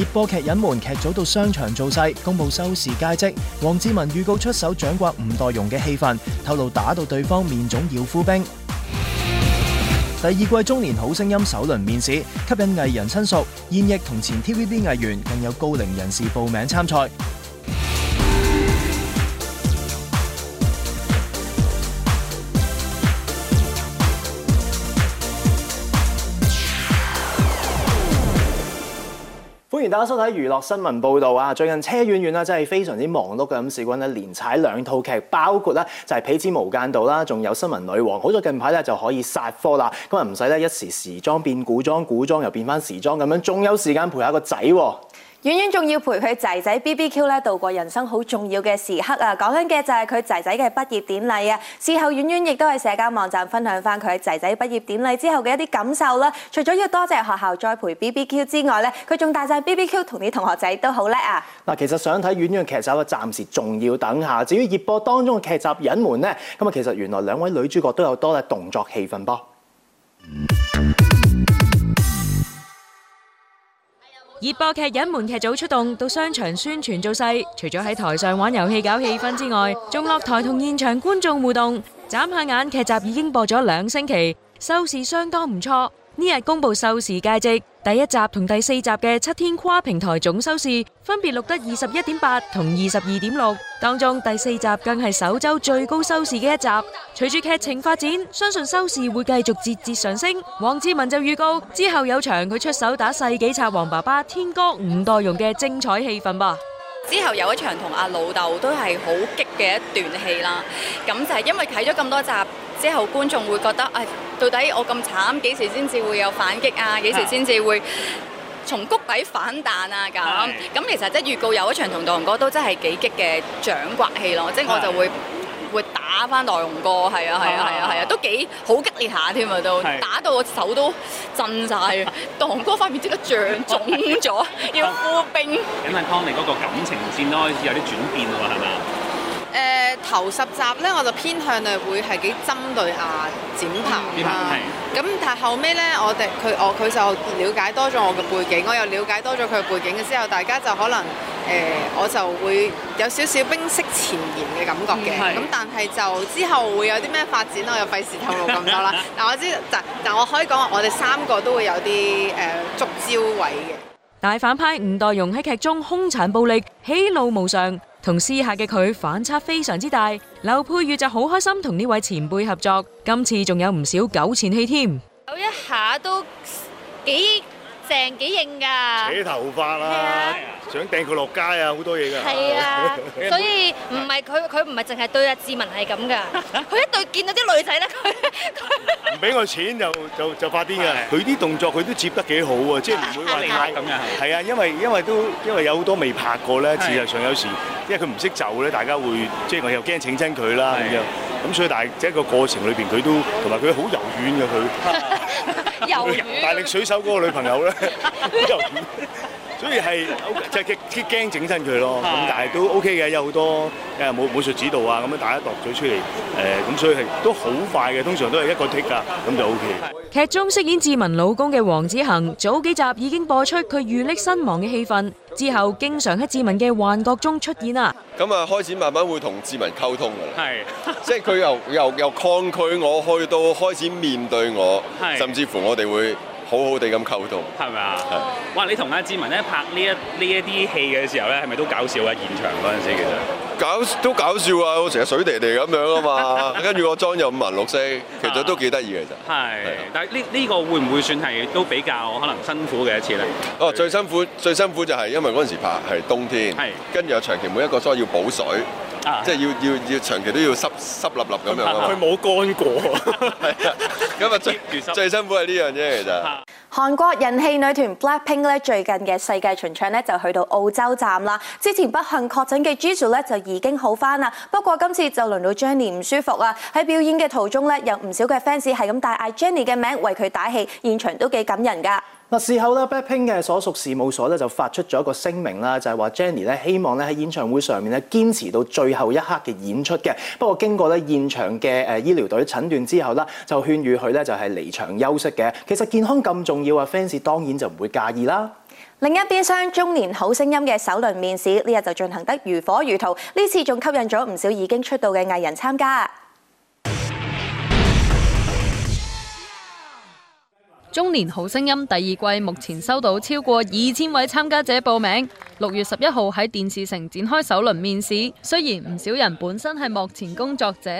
熱播劇隱瞞劇組到商場造勢公布收視佳績，黃智雯預告出手掌摑吳岱融嘅戲份，透露打到對方面腫要敷冰。 第二季中年好聲音首輪面試吸引藝人親屬、現役同前 TVB 藝員，更有高齡人士報名參賽。歡迎大家收睇娛樂新聞報道啊！最近車婉婉咧真係非常之忙碌嘅咁，事關咧連踩兩套劇，包括咧就係、是《痞子無間道》啦，仲有《新聞女王》。好咗近排咧就可以殺科啦，咁啊唔使咧一時時裝變古裝，古裝又變翻時裝咁樣，仲有時間陪下個仔。婉婉仲要陪佢仔仔 BBQ 咧，度過人生好重要嘅時刻啊！講緊嘅就係佢仔仔嘅畢業典禮啊！事後婉婉亦都喺社交網站分享翻佢仔仔畢業典禮之後嘅一啲感受啦、啊。除咗要多謝學校再陪 BBQ 之外咧，佢仲帶晒 BBQ 同啲同學仔都好叻啊！嗱，其實想睇婉婉劇集啊，暫時仲要等下。至於熱播當中嘅劇集隱瞞呢，咁啊，其實原來兩位女主角都有多嘅動作戲份噃。熱播劇引門劇組出動到商場宣傳造勢，除咗喺台上玩遊戲搞氣氛之外，仲落台同現場觀眾互動。眨下眼劇集已經播咗兩星期，收視相當唔錯。呢日公布收視佳績。第一集同第四集嘅七天跨平台總收視分別錄得二十一點八同二十二點六，當中第四集更係首周最高收視嘅一集。隨住劇情發展，相信收視會繼續節節上升。黃志文就預告之後有場佢出手打世紀賊王爸爸天哥吳岱融嘅精彩戲份噃。之後有一場同阿老豆都係好激嘅一段戲啦，咁就係因為睇咗咁多集。之後觀眾會覺得誒，到底我咁慘，幾時先至會有反擊啊？幾時先至會從谷底反彈啊？咁咁其實即係預告有一場同道雄哥都真係幾激嘅掌摑戲咯，即係我就會會打返道雄哥，係啊係啊係啊係啊，都幾好激烈下添啊都，打到我手都震曬，道雄哥塊面即刻脹腫咗，要敷冰。隱瞞湯尼嗰個感情線都開始有啲轉變喎，係咪？誒、呃、頭十集咧，我就偏向咧會係幾針對阿展鵬啦。咁、啊嗯啊、但係後尾咧，我哋佢我佢就了解多咗我嘅背景，我又了解多咗佢嘅背景嘅之後，大家就可能誒、呃，我就會有少少冰釋前嫌嘅感覺嘅。咁、嗯、但係就之後會有啲咩發展，我又費事透露咁多啦。嗱， 我知道就，但我可以講話，我哋三個都會有啲誒足焦位嘅。大反派吳岱融喺劇中兇殘暴力、喜怒無常。同私下嘅佢反差非常之大，劉佩玥就好開心同呢位前輩合作，今次仲有唔少糾纏戲添，有一下都幾。成幾硬㗎！扯頭髮啦，想掟佢落街啊，好多嘢㗎。係啊，所以唔係佢佢唔係淨係對阿志文係咁㗎，佢一對見到啲女仔咧，佢唔俾我錢就就就發癲㗎。佢啲動作佢都接得幾好喎，即係唔會話你嗌咁樣。係啊，因為因為都因為有好多未拍過咧，事實上有時因為佢唔識走咧，大家會即係我又驚請親佢啦咁樣。咁所以但係即係個過程裏邊，佢都同埋佢好柔軟嘅佢。遊魚，大力水手嗰個女朋友咧，遊 魚。所以係即係驚整身佢咯，咁、就是、但係都 OK 嘅，有好多誒武武術指導啊，咁樣打一落嘴出嚟，誒、呃、咁所以係都好快嘅，通常都係一個 take 㗎，咁就 OK。劇中飾演志文老公嘅黃子恒，早幾集已經播出佢遇溺身亡嘅戲份，之後經常喺志文嘅幻覺中出現啊。咁啊，開始慢慢會同志文溝通㗎啦，是 即係佢由由由抗拒我去到開始面對我，是甚至乎我哋會。好好地咁溝通，係咪啊？哇！你同阿志文咧拍呢一呢一啲戲嘅時候咧，係咪都搞笑啊？現場嗰陣時其實，搞都搞笑啊！我成日水地地咁樣啊嘛，跟住我裝又五顏六色，其實都幾得意嘅啫。係，但係呢呢個會唔會算係都比較可能辛苦嘅一次咧？哦，最辛苦最辛苦就係因為嗰陣時拍係冬天，係跟住又長期每一個裝要補水，啊，即係要要要長期都要濕濕笠笠咁樣。佢冇乾過，係啊！咁咪最最辛苦係呢樣啫，其實。韓國人氣女團 Blackpink 咧，最近嘅世界巡唱咧就去到澳洲站啦。之前不幸確診嘅 Jisoo 咧就已經好翻啦，不過今次就輪到 Jennie 唔舒服啊。喺表演嘅途中咧，有唔少嘅 fans 係咁大嗌 Jennie 嘅名，為佢打氣，現場都幾感人噶。嗱，事後咧，BLACKPINK 嘅所屬事務所咧就發出咗一個聲明啦，就係話 Jennie 咧希望咧喺演唱會上面咧堅持到最後一刻嘅演出嘅。不過經過咧現場嘅誒、呃、醫療隊診斷之後咧，就勸喻佢咧就係離場休息嘅。其實健康咁重要啊，fans、嗯、當然就唔會介意啦。另一邊廂，中年好聲音嘅首輪面試呢日就進行得如火如荼，呢次仲吸引咗唔少已經出道嘅藝人參加。中年好聲音第二季目前收到超過二千位參加者報名，六月十一號喺電視城展開首輪面試。雖然唔少人本身係幕前工作者，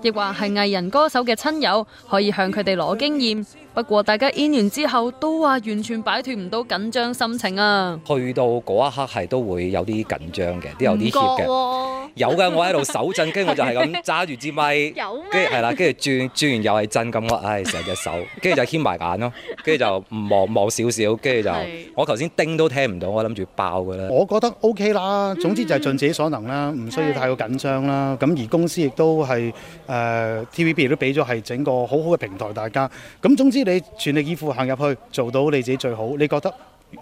亦話係藝人歌手嘅親友，可以向佢哋攞經驗。不過大家演完之後都話完全擺脫唔到緊張心情啊！去到嗰一刻係都會有啲緊張嘅，都有啲怯嘅。有噶，覺哦、有我喺度手震，跟住我就係咁揸住支咪，跟住係啦，跟住轉轉完又係震咁，我唉成隻手，跟住就牽埋眼咯，跟住 就望望少少，跟住就，就 我頭先叮都聽唔到，我諗住爆噶啦。我覺得 OK 啦，總之就係盡自己所能啦，唔、嗯、需要太過緊張啦。咁的而公司亦都係誒、呃、TVB 都俾咗係整個好好嘅平台，大家咁總之。你全力以赴行入去做到你自己最好，你覺得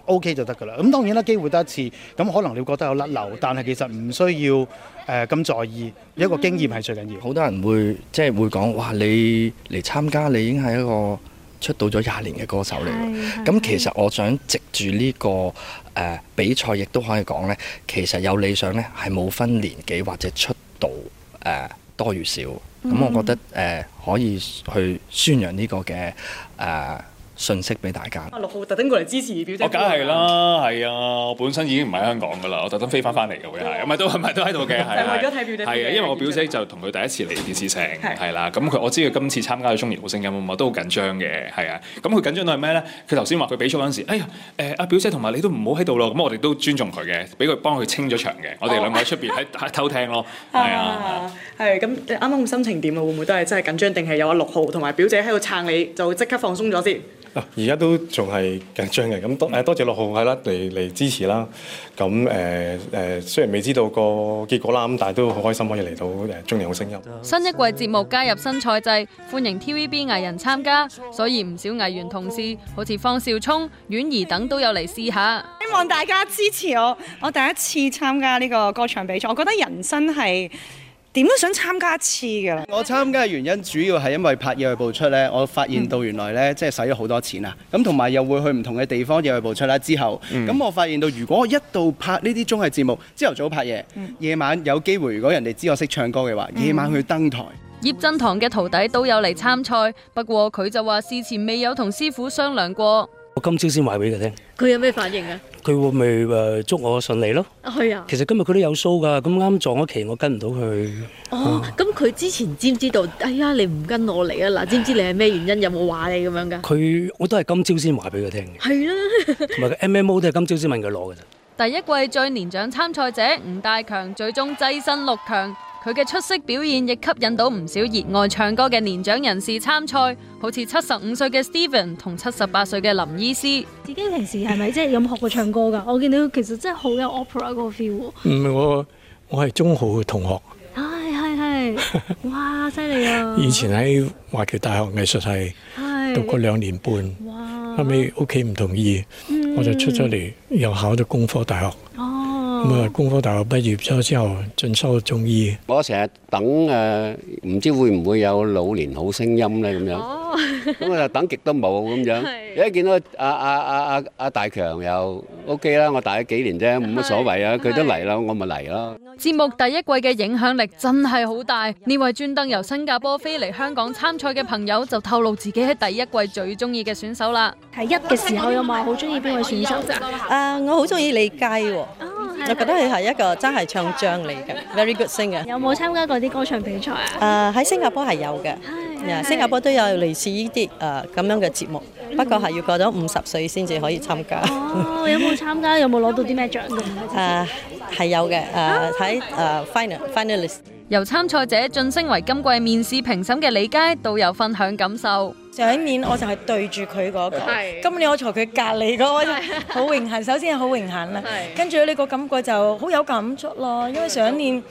OK 就得噶啦。咁當然啦，機會得一次，咁可能你覺得有甩漏，但係其實唔需要誒咁在意。一個經驗係最緊要。好多人會即係會講：「哇！你嚟參加，你已經係一個出道咗廿年嘅歌手嚟㗎。」咁其實我想藉住呢個誒比賽亦都可以講咧，其實有理想咧係冇分年紀或者出道誒。呃多與少，咁我覺得誒、呃、可以去宣揚呢個嘅誒。呃信息俾大家。六號特登過嚟支持表姐，我梗係啦，係啊！我本身已經唔喺香港噶啦，我特登飛翻翻嚟嘅會係，唔係都唔係都喺度嘅係。係咪而家睇表姐？係啊，因為我表姐就同佢第一次嚟電視城。係啦。咁佢我知佢今次參加咗中年好聲音啊嘛，都好緊張嘅係啊。咁佢緊張到係咩咧？佢頭先話佢比出嗰陣時，哎呀誒阿表姐同埋你都唔好喺度咯。咁我哋都尊重佢嘅，俾佢幫佢清咗場嘅。我哋兩個喺出邊喺偷聽咯，係啊，係咁你啱啱心情點啊？會唔會都係真係緊張定係有阿六號同埋表姐喺度撐你，就即刻放鬆咗先？而家都仲係緊張嘅。咁，多誒多謝六號係啦，嚟嚟支持啦。咁誒誒，雖然未知道個結果啦，咁但係都好開心可以嚟到誒中年好聲音。新一季節目加入新賽制，歡迎 TVB 藝人參加，所以唔少藝員同事好似方少聰、婉兒等都有嚟試下。希望大家支持我，我第一次參加呢個歌唱比賽，我覺得人生係～點都想參加一次㗎啦！我參加嘅原因主要係因為拍野外播出咧，我發現到原來咧即係使咗好多錢啊！咁同埋又會去唔同嘅地方野外播出啦。之後咁、嗯、我發現到，如果我一到拍呢啲綜藝節目，朝頭早拍嘢，夜晚有機會如果人哋知我識唱歌嘅話，夜晚去登台。嗯、葉振棠嘅徒弟都有嚟參賽，不過佢就話事前未有同師傅商量過。我今朝先話俾佢聽。佢有咩反應啊？佢會咪誒祝我順利咯？啊，係啊！其實今日佢都有 show 噶，咁啱撞一期我跟唔到佢。哦，咁佢、嗯哦、之前知唔知道？哎呀，你唔跟我嚟啊！嗱，知唔知你係咩原因？有冇話你咁樣噶？佢我都係今朝先話俾佢聽嘅。係啦是、啊。同埋佢 MMO 都係今朝先問佢攞嘅。第一季最年長參賽者吳大強，最終躋身六強。佢嘅出色表現亦吸引到唔少熱愛唱歌嘅年長人士參賽，好似七十五歲嘅 Steven 同七十八歲嘅林醫師。自己平時係咪即係有冇學過唱歌㗎？我見到其實真係好有 opera 嗰個 feel。唔係我，我係中學嘅同學。係係係。哇，犀利啊！以前喺華僑大學藝術系係讀過兩年半。哇！後尾屋企唔同意，嗯，我就出咗嚟，又考咗工科大學。咁啊！工科大學畢業咗之後，進修中醫。我成日等誒，唔知會唔會有老年好聲音咧咁樣。咁我就等極都冇咁樣。一見到阿阿阿阿阿大強又 O K 啦，我大咗幾年啫，冇乜所謂啊。佢都嚟啦，我咪嚟啦。節目第一季嘅影響力真係好大。呢位專登由新加坡飛嚟香港參賽嘅朋友就透露自己喺第一季最中意嘅選手啦。第一嘅時候有冇好中意邊位選手？誒，我好中意李佳喎。我覺得佢係一個真係唱將嚟嘅，very good singer。有冇參加過啲歌唱比賽啊？誒，喺新加坡係有嘅。Uh, uh, 新加坡都有類似呢啲誒咁樣嘅節目，uh huh. 不過係要過咗五十歲先至可以參加。哦，有冇參加？有冇攞到啲咩獎㗎？誒、uh，係有嘅。誒係誒 final finalist。由參賽者晉升為今季面試評審嘅李佳都有分享感受。上一年我就係對住佢嗰個是今年我坐佢隔離嗰個，好是榮幸。 首先係好榮幸啦，是跟住呢個感覺就好有感觸咯，是因為上一年，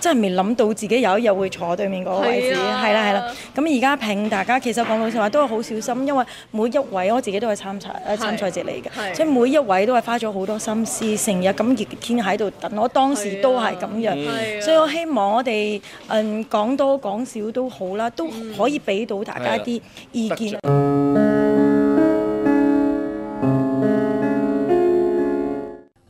真係未諗到自己有一日會坐對面嗰個位置，係啦係啦。咁而家評大家，其實講老實話都係好小心，因為每一位我自己都係參賽，參賽者嚟嘅，即、啊、所以每一位都係花咗好多心思，成日咁熱天喺度等我。我當時都係咁樣，啊嗯、所以我希望我哋嗯講多講少都好啦，都可以俾到大家啲意見。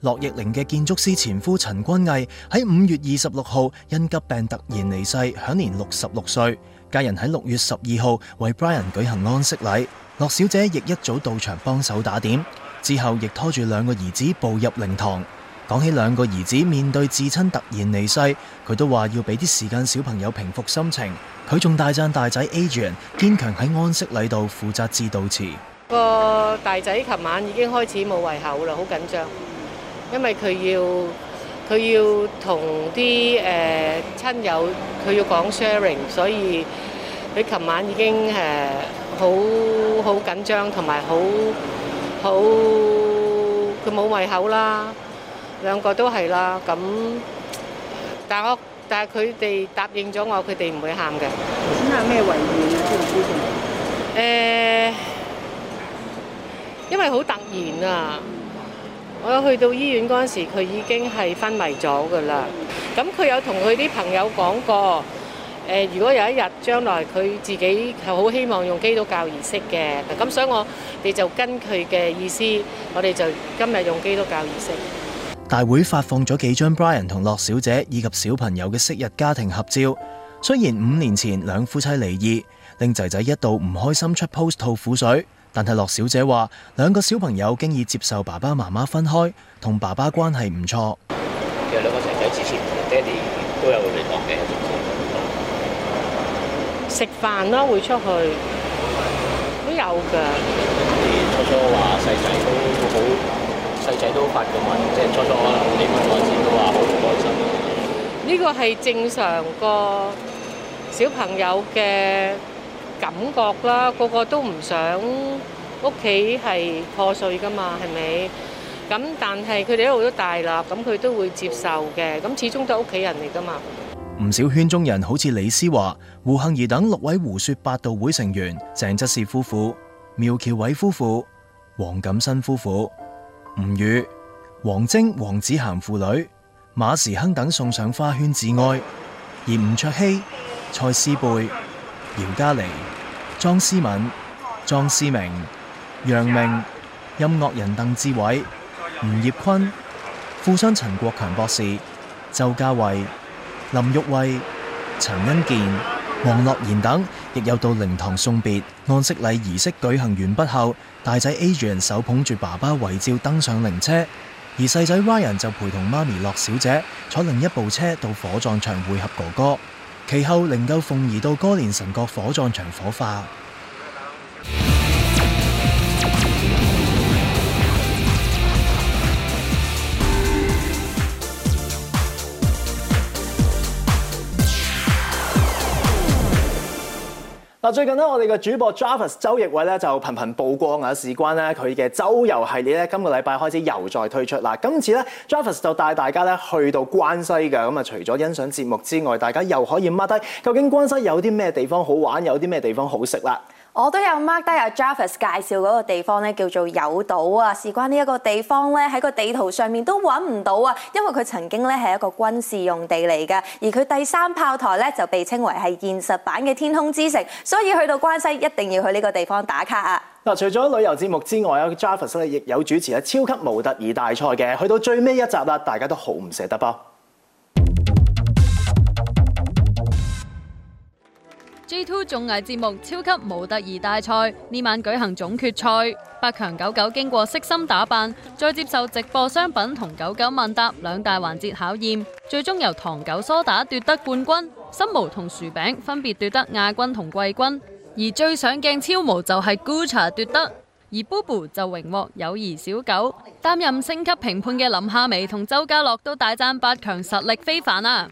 駱奕玲嘅建築師前夫陳君毅喺五月二十六號因急病突然離世，享年六十六歲。家人喺六月十二號為 Brian 舉行安息禮，駱小姐亦一早到場幫手打點，之後亦拖住兩個兒子步入靈堂。講起兩個兒子面對至親突然離世，佢都話要俾啲時間小朋友平復心情。佢仲大讚大仔 Aryan 堅強，喺安息禮度負責致悼詞。個大仔琴晚已經開始冇胃口啦，好緊張。因為佢要佢要同啲誒親友，佢要講 sharing，所以你琴晚已經誒好好緊張，同埋好好佢冇胃口啦，兩個都係啦。咁但係我但係佢哋答應咗我，佢哋唔會喊嘅。咁係咩遺願啊？知唔知先？誒、呃，因為好突然啊！我去到醫院嗰陣時，佢已經係昏迷咗㗎喇。咁佢有同佢啲朋友講過，誒，如果有一日將來佢自己係好希望用基督教儀式嘅，咁所以我哋就跟佢嘅意思，我哋就今日用基督教儀式。大會發放咗幾張 Brian 同洛小姐以及小朋友嘅昔日家庭合照。雖然五年前兩夫妻離異，令仔仔一度唔開心出 post 吐苦水。但係駱小姐話，兩個小朋友經已接受爸爸媽媽分開，同爸爸關係唔錯。其實兩個仔仔之前同爹哋都有聯絡嘅，食飯啦會出去都有噶。初初話細仔都好，細仔都發過問，即係初初可能你問我先，嗯、都話好唔開心。呢個係正常個小朋友嘅。感覺啦，個個都唔想屋企係破碎噶嘛，係咪？咁但係佢哋一路都大喇，咁佢都會接受嘅。咁始終都屋企人嚟噶嘛。唔少圈中人好似李思華，胡杏兒等六位胡說八道會成員鄭則仕夫婦、苗僑偉夫婦、黃錦新夫婦、吳宇、王晶、王子涵父女、馬時亨等送上花圈致哀，而吳卓羲、蔡思貝。姚嘉妮、莊思敏、莊思明、楊明、音樂人鄧志偉、吳業坤、富商陳國強博士、周家慧、林玉慧、陳恩健、黃樂賢等亦有到靈堂送別。按式禮儀式舉行完畢後，大仔 Adrian 手捧住爸爸遺照登上靈車，而細仔 Ryan 就陪同媽咪樂小姐坐另一部車到火葬場匯合哥哥。其後，靈柩奉移到哥連臣角火葬場火化。嗱，最近咧，我哋嘅主播 Javis 周奕偉咧就頻頻曝光啊，事關咧佢嘅周遊系列咧，今個禮拜開始又再推出啦。今次咧，Javis 就帶大家咧去到關西嘅，除咗欣賞節目之外，大家又可以 mark 低究竟關西有啲咩地方好玩，有啲咩地方好食啦。我都有 mark 低阿 Jaffers 介紹嗰個地方叫做友島啊。事關呢一個地方咧，喺個地圖上面都揾唔到啊，因為佢曾經咧係一個軍事用地嚟嘅，而佢第三炮台咧就被稱為係現實版嘅天空之城，所以去到關西一定要去呢個地方打卡啊！嗱，除咗旅遊節目之外，阿 Jaffers 咧亦有主持咧超級模特兒大賽嘅，去到最尾一集啦，大家都好唔捨得噃。G Two 綜藝節目超級模特兒大賽呢晚舉行總決賽，八強狗狗經過悉心打扮，再接受直播商品同狗狗問答兩大環節考驗，最終由唐狗梳打奪得冠軍，心毛同薯餅分別奪得亞軍同季軍，而最上鏡超模就係姑茶奪得，而 BoBo 就榮獲友誼小狗。擔任星級評判嘅林夏薇同周家樂都大讚八強實力非凡啊！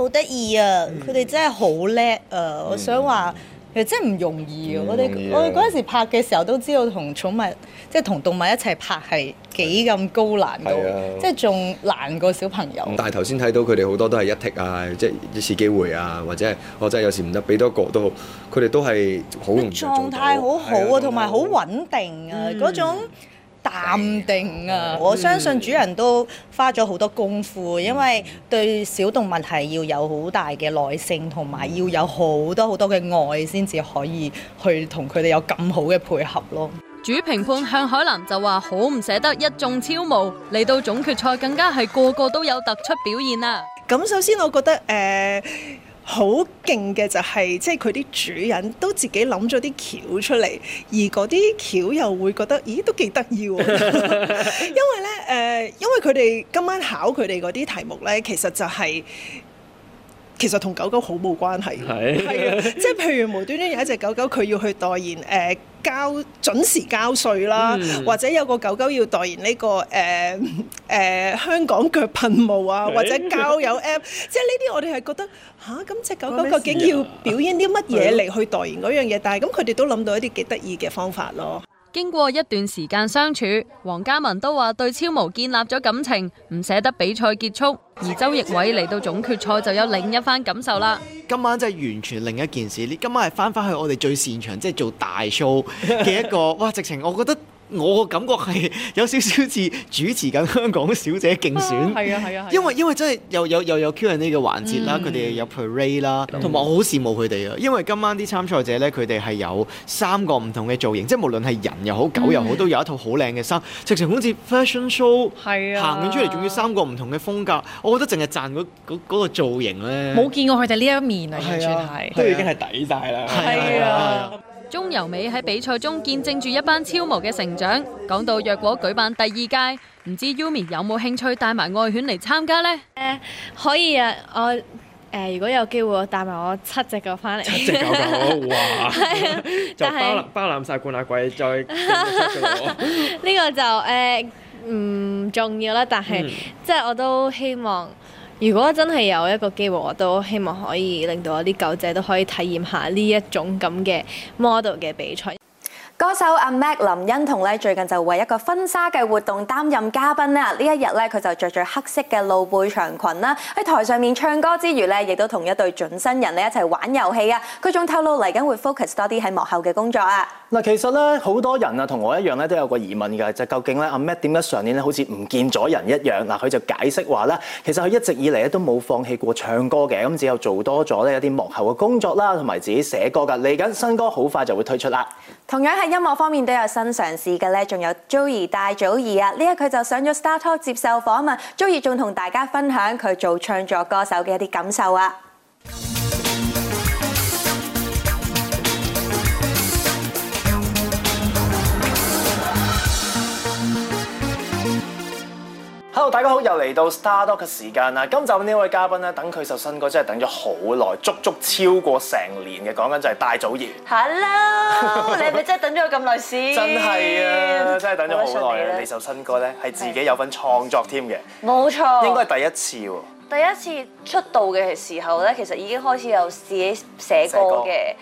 好得意啊！佢哋、嗯、真係好叻啊！嗯、我想話其實真係唔容易啊！我哋我哋嗰陣時拍嘅時候都知道同寵物即係同動物一齊拍係幾咁高難度，的即係仲難過小朋友。的但係頭先睇到佢哋好多都係一踢啊，即係一次機會啊，或者係我真係有時唔得俾多個都，好。佢哋都係好狀態好好啊，同埋好穩定啊嗰種。嗯嗯淡定啊！嗯、我相信主人都花咗好多功夫，因為對小動物係要有好大嘅耐性，同埋要有好多好多嘅愛先至可以去同佢哋有咁好嘅配合咯。主評判向海南就話好唔捨得一眾超模嚟到總決賽，更加係個個都有突出表現啊！咁、嗯、首先我覺得誒。呃好勁嘅就係、是，即係佢啲主人都自己諗咗啲橋出嚟，而嗰啲橋又會覺得，咦都幾得意喎！ 因為呢，誒、呃，因為佢哋今晚考佢哋嗰啲題目呢，其實就係、是、其實同狗狗好冇關係嘅，係啊， 即係譬如無端端有一隻狗狗，佢要去代言誒。呃交準時交稅啦，嗯、或者有個狗狗要代言呢、呢個誒誒、呃呃、香港腳噴霧啊，或者交友 App， 即係呢啲我哋係覺得吓，咁、啊、隻狗狗究竟要表演啲乜嘢嚟去代言嗰樣嘢？但係咁佢哋都諗到一啲幾得意嘅方法咯。經過一段時間相處，黃家文都話對超模建立咗感情，唔捨得比賽結束。而周奕偉嚟到總決賽就有另一番感受啦。今晚真係完全另一件事，你今晚係翻翻去我哋最擅長，即係做大 show 嘅一個，哇！直情我覺得。我嘅感覺係有少少似主持緊香港小姐競選，係啊，係啊，因為因為真係又有又有 Q and A 嘅環節啦，佢哋有 parade 啦，同埋我好羨慕佢哋啊！因為今晚啲參賽者咧，佢哋係有三個唔同嘅造型，即係無論係人又好狗又好，都有一套好靚嘅衫，直情好似 fashion show，行完出嚟仲要三個唔同嘅風格。我覺得淨係讚嗰個造型咧，冇見過佢哋呢一面啊！完全係啊，都已經係抵曬啦！係啊。中由美喺比賽中見證住一班超模嘅成長。講到若果舉辦第二屆，唔知 Yumi 有冇興趣帶埋愛犬嚟參加呢？誒、呃，可以啊，我誒、呃、如果有機會，我帶埋我七隻狗翻嚟。 七隻狗、 啊、 就包是包攬晒冠亞、啊、季再。呢 個就誒唔、呃、重要啦，但係、嗯、即係我都希望。如果真係有一個機會，我都希望可以令到我啲狗仔都可以體驗下呢一種咁嘅 model 嘅比賽。歌手阿 Mac 林欣彤咧最近就為一個婚紗嘅活動擔任嘉賓咧，呢一日咧佢就着着黑色嘅露背長裙啦，喺台上面唱歌之餘咧，亦都同一對準新人咧一齊玩遊戲啊！佢仲透露嚟緊會 focus 多啲喺幕後嘅工作啊！嗱，其實咧好多人啊同我一樣咧都有個疑問嘅，就是、究竟咧阿 Mac 點解上年咧好似唔見咗人一樣？嗱，佢就解釋話咧，其實佢一直以嚟咧都冇放棄過唱歌嘅，咁只有做多咗咧一啲幕後嘅工作啦，同埋自己寫歌噶，嚟緊新歌好快就會推出啦。同樣係。音樂方面都有新嘗試嘅咧，仲有 Joey 戴祖儀啊！呢日佢就上咗 StarTalk 接受訪問，Joey 仲同大家分享佢做唱作歌手嘅一啲感受啊！hello，大家好，又嚟到 Star Dog 嘅時間啦。今集呢位嘉賓咧，等佢首新歌真係等咗好耐，足足超過成年嘅。講緊就係戴祖兒。Hello，你唔係真係等咗咁耐先？ 真係啊，真係等咗好耐啊。 你首新歌咧係自己有份創作添嘅。冇 錯。應該係第一次喎。.第一次出道嘅時候呢，其實已經開始有自己寫歌嘅。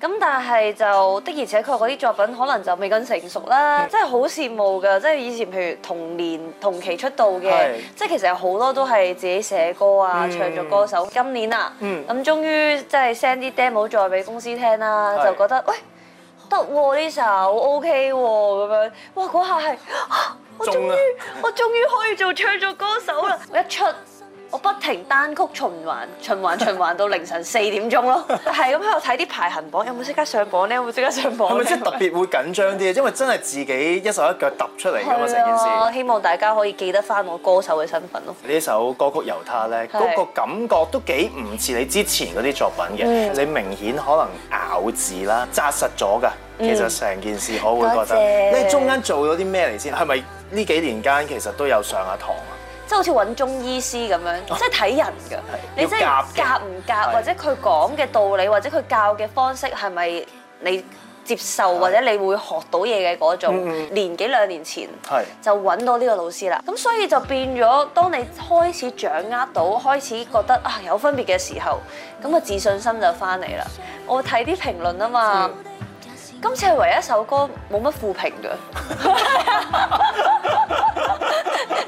咁但係就的而且確嗰啲作品可能就未咁成熟啦，真係好羨慕㗎！即係以前譬如同年同期出道嘅，即係是的 其實有好多都係自己寫歌啊，唱作歌手。嗯、今年啊，咁、嗯、終於即係 send 啲 demo 再俾公司聽啦，是的 就覺得喂得喎，呢首好 OK 喎，咁樣哇嗰下係我終於，中了 我，終於我終於可以做唱作歌手啦！我一出。我不停單曲循環，循環循環到凌晨四點鐘咯，係咁喺度睇啲排行榜有冇即刻上榜呢？有冇即刻上榜？係咪即係特別會緊張啲啊？因為真係自己一手一腳揼出嚟噶嘛成件事。我希望大家可以記得返我歌手嘅身份咯。呢首歌曲《猶他》呢，嗰是個感覺都幾唔似你之前嗰啲作品嘅，的你明顯可能咬字啦，扎實咗噶。其實成件事我會覺得。嗯，多謝。你中間做咗啲咩嚟先？係咪呢幾年間其實都有上下堂啊？即係好似揾中醫師咁樣，即係睇人㗎。是你真係夾唔夾，是或者佢講嘅道理，或者佢教嘅方式係咪你接受，是或者你會學到嘢嘅嗰種？嗯、年幾兩年前是就揾到呢個老師啦。咁所以就變咗，當你開始掌握到，開始覺得啊有分別嘅時候，咁、那、啊、個、自信心就翻嚟啦。我睇啲評論啊嘛。今次係唯一首歌冇乜負評㗎，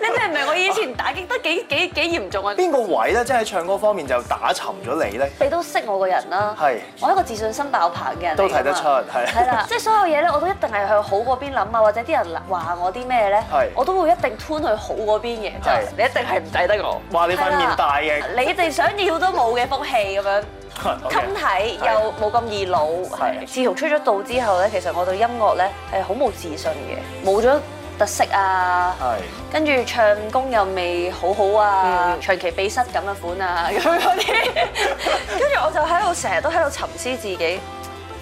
你明唔明？我以前打擊得幾幾幾嚴重啊！邊個位咧，即係喺唱歌方面就打沉咗你咧？你都識我個人啦，係的我一個自信心爆棚嘅人，都睇得出，係係啦，了即係所有嘢咧，我都一定係向好嗰邊諗啊，或者啲人話我啲咩咧，係的我都會一定 turn 去好嗰邊嘅，就係的你一定係唔抵得我話的你塊面大嘅了， 你哋想要都冇嘅福氣咁樣。襟睇又冇咁易老，係。是的 自從出咗道之後咧，其實我對音樂咧係好冇自信嘅，冇咗特色啊，係。跟住唱功又未好好啊，嗯、長期鼻塞咁嘅款啊，咁嗰啲。跟住我就喺度成日都喺度沉思自己，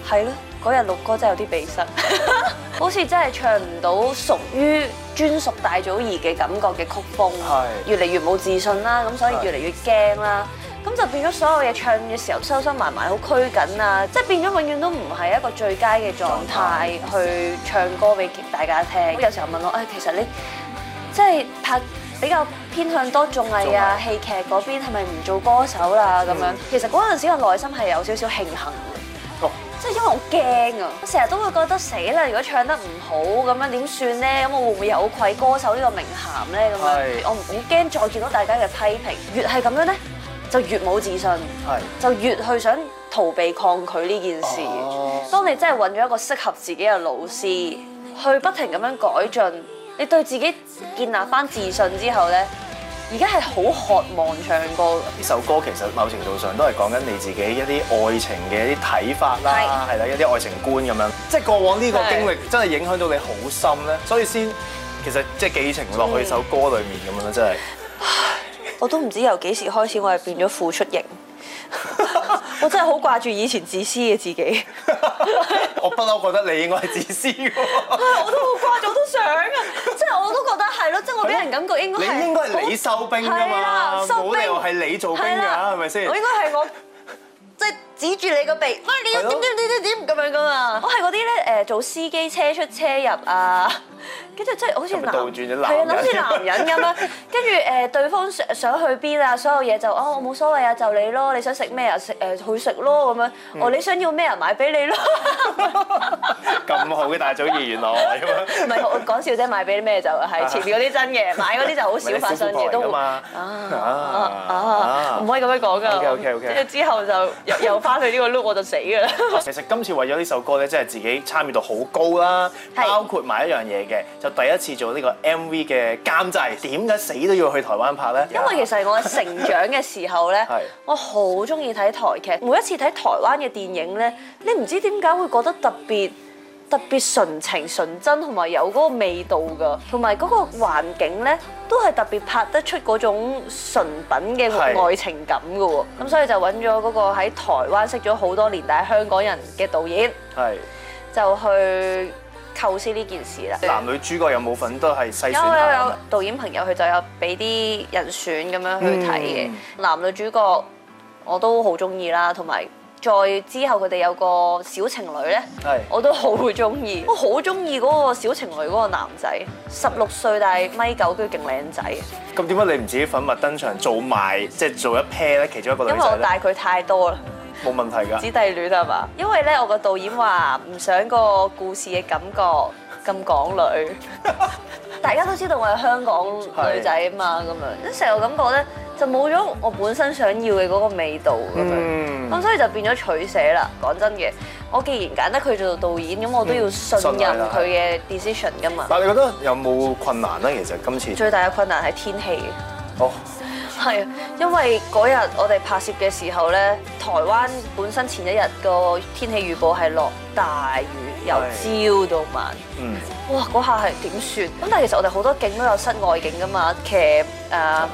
係咯，嗰日錄歌真係有啲鼻塞， 好似真係唱唔到屬於專屬大祖兒嘅感覺嘅曲風，係。是的 越嚟越冇自信啦，咁所以越嚟越驚啦。咁就變咗所有嘢唱嘅時候收，收收埋埋，好拘謹啊！即係變咗永遠都唔係一個最佳嘅狀態去唱歌俾大家聽。文有時候問我誒，其實你即係拍比較偏向多綜藝啊、完戲劇嗰邊，係咪唔做歌手啦？咁、嗯、樣其實嗰陣時我內心係有少少慶幸嘅，即係、哦、因為我驚啊！我成日都會覺得死啦！如果唱得唔好咁樣點算咧？咁我會唔會有愧歌手呢個名銜咧？咁樣是我好驚再見到大家嘅批評，越係咁樣咧。就越冇自信，是就越去想逃避抗拒呢件事。啊，當你真係揾咗一個適合自己嘅老師，去不停咁樣改進，你對自己建立翻自信之後咧，而家係好渴望唱歌。呢首歌其實某程度上都係講緊你自己一啲愛情嘅一啲睇法啦，係啦是，一啲愛情觀咁樣，即係過往呢個經歷真係影響到你好深咧，所以先其實即係寄情落去是首歌裏面咁樣咯，真係。 我都唔知由幾時開始，我係變咗付出型。 我真係好掛住以前自私嘅自己。我不嬲覺得你應該係自私嘅。我都好掛咗都想相啊！即係我都覺得係咯，即係對我俾人感覺應該係你、啊、收兵㗎嘛，冇 理由係你做兵㗎係咪先？ 我應該係我即係。就是指住你個鼻，唔係你要點點點點點咁樣噶嘛？我係嗰啲咧誒，做司機車出車入啊，跟住即係好似男，係啊，好似男人咁樣。跟住誒，對方想想去邊啊，所有嘢就哦，我冇所謂啊，就你咯，你想食咩啊，食誒去食咯咁樣。哦，你想要咩啊，買俾你咯。咁 好嘅大早演原來咁啊！唔係講笑啫，買俾啲咩就係前面嗰啲真嘅，買嗰啲就好少發生，嘅都。啊啊唔可以咁樣講㗎。跟住、okay, okay , okay. 之後就又又。翻去呢個 look 我就死㗎啦！其實今次為咗呢首歌咧，真係自己參與度好高啦，是包括埋一樣嘢嘅，就第一次做呢個 MV 嘅監製。點解死都要去台灣拍呢？因為其實我成長嘅時候呢 是我好中意睇台劇，每一次睇台灣嘅電影呢，你唔知點解會覺得特別。特別純情純真，同埋有嗰個味道噶，同埋嗰個環境呢，都係特別拍得出嗰種純品嘅愛情感噶喎。咁所以就揾咗嗰個喺台灣識咗好多年但係香港人嘅導演，是的 就去構思呢件事啦。男女主角有冇份都係篩選？因為我有導演朋友，佢就有俾啲人選咁樣去睇嘅。男女主角我都好中意啦，同埋。再之後佢哋有個小情侶咧，我都好中意，我好中意嗰個小情侶嗰個男仔，十六歲但係米九，都勁靚仔。咁點解你唔自己粉墨登場做埋即係做一 pair 咧？其中一個因為我帶佢太多啦。冇問題㗎。姊弟戀係嘛？因為咧，我個導演話唔想個故事嘅感覺。咁港女，大家都知道我係香港女仔啊嘛，咁樣樣即係，成個感覺咧就冇咗我本身想要嘅嗰個味道咁樣，咁、嗯、所以就變咗取捨啦。講真嘅，我既然揀得佢做導演，咁我都要信任佢嘅 decision 噶嘛。但係你覺得有冇困難咧？其實今次最大嘅困難係天氣。哦，係啊，因為嗰日我哋拍攝嘅時候咧，台灣本身前一日個天氣預報係落大雨。對 由朝到晚，嗯、哇！嗰下係點算？咁但係其實我哋好多景都有室外景㗎嘛，騎誒、呃、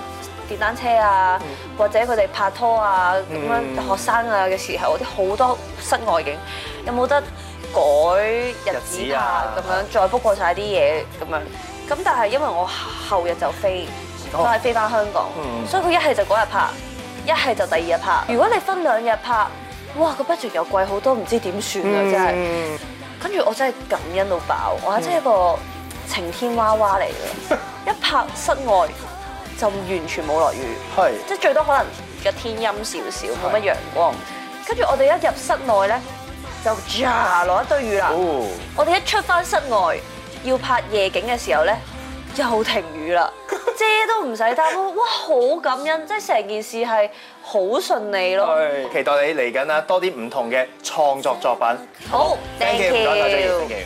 電單車啊，或者佢哋拍拖啊咁樣學生啊嘅時候，啲好多室外景，有冇得改日子、日子啊？咁樣再 book 過曬啲嘢咁樣。咁但係因為我後日就飛，都係、哦、飛翻香港，嗯、所以佢一係就嗰日拍，一係就第二日拍。如果你分兩日拍，哇！個 budget 又貴好多，唔知點算啊！真係。跟住我真係感恩到爆，哇！嗯、真係一個晴天娃娃嚟嘅。 一拍室外就完全冇落雨，即係是 最多可能嘅天陰少少，冇乜是 陽光。跟住 我哋一入室內咧，就呀落一堆雨啦。哦、我哋一出翻室外要拍夜景嘅時候咧，又停雨啦，遮都唔使擔。哇！好感恩，即係成件事係。好順利咯！期待你嚟緊啦！多啲唔同嘅創作作品。好，好，thank you。Thank you.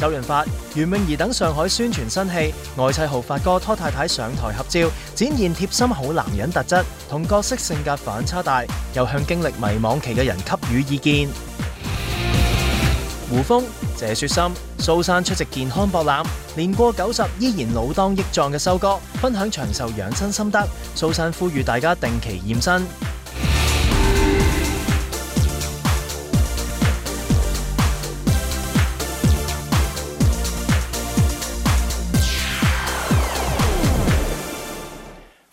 周潤發、袁詠儀等上海宣傳新戲，外妻豪發哥拖太太上台合照，展現貼心好男人特質，同角色性格反差大，又向經歷迷惘期嘅人給予意見。胡楓、謝雪心、蘇珊出席健康博覽，年過九十依然老當益壯嘅修哥分享長壽養生心得，蘇珊呼籲大家定期驗身。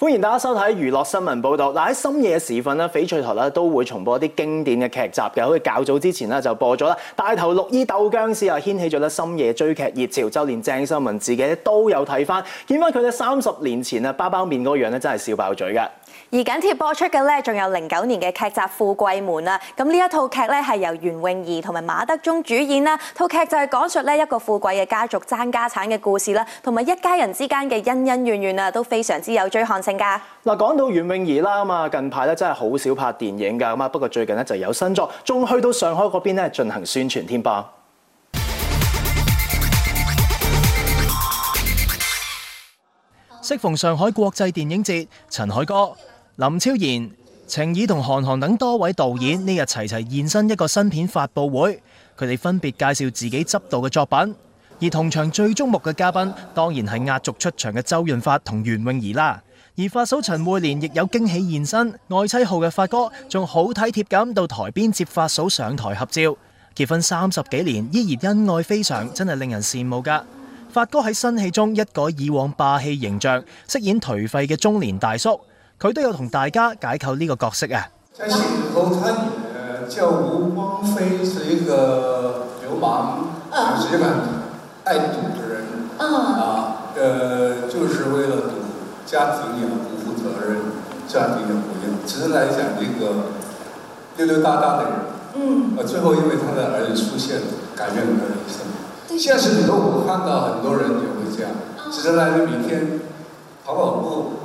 歡迎大家收睇娛樂新聞報道。嗱，喺深夜時分咧，翡翠台咧都會重播一啲經典嘅劇集嘅，好似較早之前咧就播咗啦，《大頭綠衣鬥殭屍》啊，掀起咗咧深夜追劇熱潮，就連鄭秀文自己都有睇翻，見翻佢咧三十年前啊包包面嗰個樣咧，真係笑爆嘴嘅。而緊貼播出嘅咧，仲有零九年嘅劇集《富貴門》啊！咁呢一套劇咧係由袁詠儀同埋馬德鐘主演啦。啊、套劇就係講述咧一個富貴嘅家族爭家產嘅故事啦，同、啊、埋一家人之間嘅恩恩怨怨啊都非常之有追看性噶。嗱、啊，講到袁詠儀啦啊近排咧真係好少拍電影噶，咁啊不過最近咧就有新作，仲去到上海嗰邊咧進行宣傳添噃。啊、好適逢上海國際電影節，陳凱歌、林超賢、程耳同韓寒等多位導演呢日齊齊現身一個新片發佈會，佢哋分別介紹自己執導嘅作品。而同場最矚目嘅嘉賓，當然係壓軸出場嘅周潤發同袁詠儀啦。而發嫂陳慧蓮亦有驚喜現身，愛妻號嘅發哥仲好體貼咁到台邊接發嫂上台合照。結婚三十幾年依然恩愛非常，真係令人羨慕噶。發哥喺新戲中一改以往霸氣形象，飾演頹廢嘅中年大叔。佢都有同大家解構呢個角色啊，啊！在，啊《神探狄仁傑》之後，吳光飛是一個流氓、賭石客、愛賭的人。啊，呃、啊，就是為了賭，家庭也不負責任，家庭也不顧，其實來講一個溜溜達達的人。嗯。啊，最後因為他的兒子出現，改變了一生。現實裏頭，我看到很多人也會這樣。其實咧，每天跑跑步。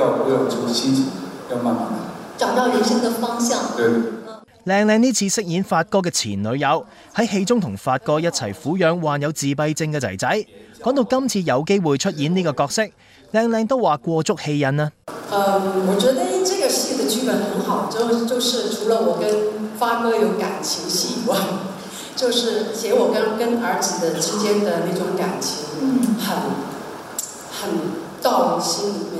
要要有做要慢慢找到人生的方向。靚靚呢次飾演發哥嘅前女友，喺戲中同發哥一齊撫養患有自閉症嘅仔仔。講到今次有機會出演呢個角色，靚靚都話過足戲癮啊！呃，我覺得呢個戲嘅劇本很好，就是、就是除了我跟發哥有感情戲以外，就是寫我跟跟兒子的之間嘅那種感情很，很很到心裏面。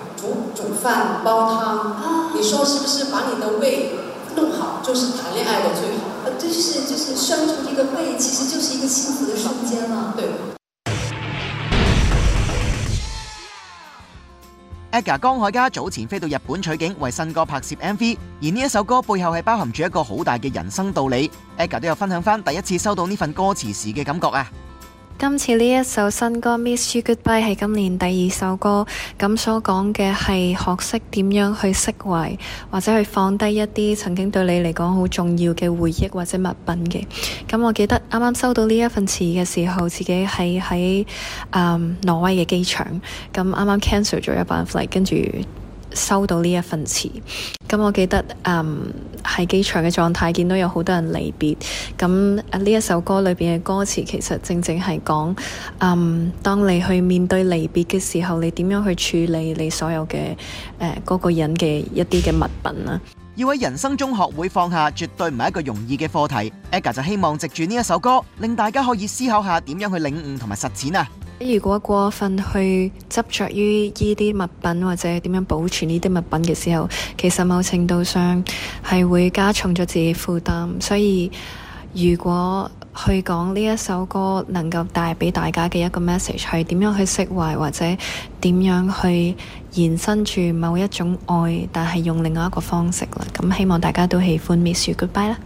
煮飯煲湯，你說是不是把你的胃弄好就是談戀愛的最好？啊，這就是就是拴住這個胃，其實就是一個幸福的瞬間了。對。AGA、 e、江海迦早前飛到日本取景，為新歌拍攝 MV，而呢一首歌背後係包含住一個好大嘅人生道理。AGA、e、都有分享翻第一次收到呢份歌詞時嘅感覺啊。今次呢一首新歌《Miss You Goodbye》係今年第二首歌，咁所講嘅係學識點樣去釋懷，或者去放低一啲曾經對你嚟講好重要嘅回憶或者物品嘅。咁我記得啱啱收到呢一份詞嘅時候，自己係喺、嗯、挪威嘅機場，咁啱啱 cancel 咗一班 fly，跟住，收到呢一份詞，咁、嗯、我記得，嗯，喺機場嘅狀態見到有好多人離別，咁、嗯、呢一首歌裏邊嘅歌詞其實正正係講，嗯，當你去面對離別嘅時候，你點樣去處理你所有嘅誒嗰個人嘅一啲嘅物品啊？要喺人生中學會放下，絕對唔係一個容易嘅課題。AGA 就希望藉住呢一首歌，令大家可以思考下點樣去領悟同埋實踐啊！如果過分去執着於呢啲物品，或者點樣保存呢啲物品嘅時候，其實某程度上係會加重咗自己負擔。所以如果去講呢一首歌能夠帶畀大家嘅一個 message 係點樣去釋懷，或者點樣去延伸住某一種愛，但係用另外一個方式啦。咁希望大家都喜歡《Miss You, Goodbye》啦。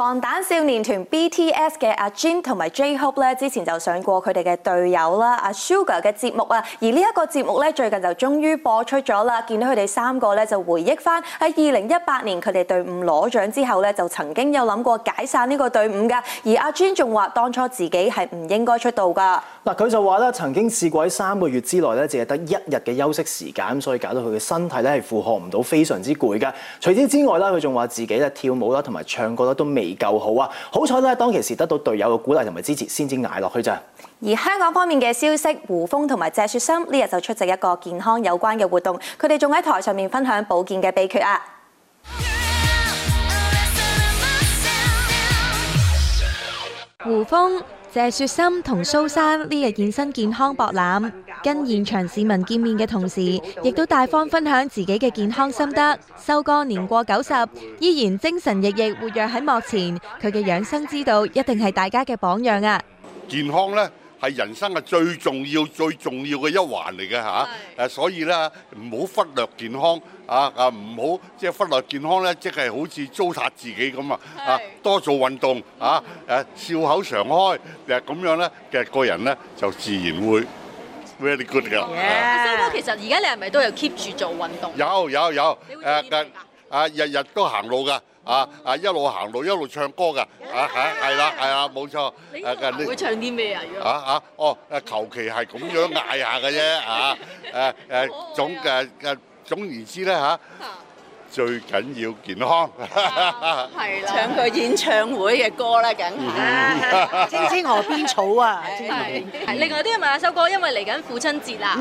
防彈少年團 BTS 嘅阿 Jin 同埋 J-Hope 咧，之前就上過佢哋嘅隊友啦，阿 Sugar 嘅節目啊。而呢一個節目咧，最近就終於播出咗啦。見到佢哋三個咧，就回憶翻喺二零一八年佢哋隊伍攞獎之後咧，就曾經有諗過解散呢個隊伍噶。而阿 Jin 仲話，當初自己係唔應該出道噶。嗱，佢就話咧，曾經試過喺三個月之內咧，淨係得一日嘅休息時間，所以搞到佢嘅身體咧係負荷唔到，非常之攰噶。除此之外啦，佢仲話自己咧跳舞啦同埋唱歌啦都未夠好啊！好彩咧，當其時得到隊友嘅鼓勵同埋支持，先至捱落去咋。而香港方面嘅消息，胡楓同埋謝雪心呢日就出席一個健康有關嘅活動，佢哋仲喺台上面分享保健嘅秘訣啊。胡楓。謝雪心同蘇珊呢日現身健康博覽，跟現場市民見面嘅同時，亦都大方分享自己嘅健康心得。修哥年過九十，依然精神奕奕，活躍喺幕前，佢嘅養生之道一定係大家嘅榜樣啊！健康呢，係人生嘅最重要、最重要嘅一環嚟嘅吓，誒所以咧唔好忽略健康啊，啊，唔好即係忽略健康咧，即係好似糟蹋自己咁啊！多做運動啊，誒，笑口常開誒，咁樣咧，其實個人咧就自然會 very good 嘅。其實而家你係咪都有 keep 住做運動？有有有誒，誒，啊日日都行路㗎。啊啊一路行路一路唱歌噶，啊嚇，係啦係啊冇錯，你會唱啲咩啊？啊啊哦，求其係咁樣嗌下嘅啫嚇。誒誒總誒誒總而言之咧嚇，最緊要健康。係啦，唱佢演唱會嘅歌啦梗係。青青河邊草啊！另外啲人問阿修哥，因為嚟緊父親節啦，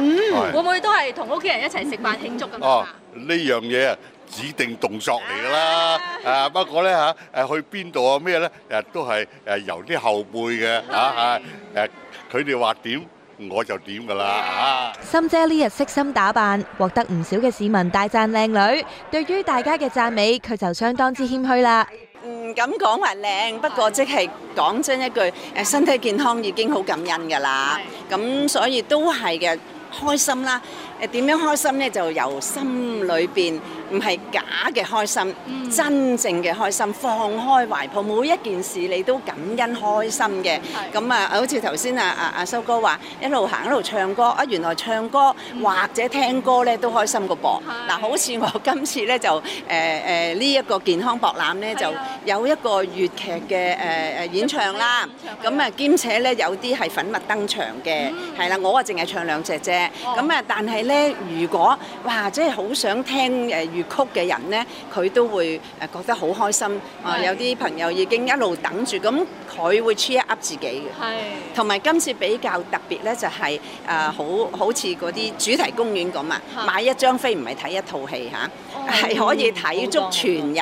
會唔會都係同屋企人一齊食飯慶祝咁啊？呢樣嘢啊！指定動作嚟㗎啦，啊不過咧嚇誒去邊度啊咩咧誒都係誒由啲後輩嘅嚇嚇誒佢哋話點我就點㗎啦。心姐呢日悉心打扮，獲得唔少嘅市民大讚靚女。對於大家嘅讚美，佢就相當之謙虛啦。唔敢講話靚，不過即係講真一句誒，身體健康已經好感恩㗎啦。咁所以都係嘅，開心啦。誒點樣開心咧？就由心裏邊，唔係假嘅開心，真正嘅開心，放開懷抱，每一件事你都感恩開心嘅。咁啊，好似頭先啊啊阿修哥話，一路行一路唱歌，啊原來唱歌或者聽歌咧都開心個噃。嗱，好似我今次咧就誒誒呢一個健康博覽咧，就有一個粵劇嘅誒誒演唱啦。咁啊，兼且咧有啲係粉墨登場嘅，係啦，我啊淨係唱兩隻啫。咁啊，但係咧。咧，如果哇，即係好想聽誒粵曲嘅人咧，佢都會誒覺得好開心啊！有啲朋友已經一路等住，咁佢會 cheer up 自己嘅。係。同埋今次比較特別咧，就係誒好好似嗰啲主題公園咁啊，買一張飛唔係睇一套戲嚇，係可以睇足全日，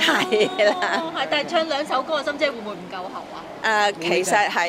係啦。係，但係唱兩首歌，心姐會唔會唔夠喉啊？誒，其實係。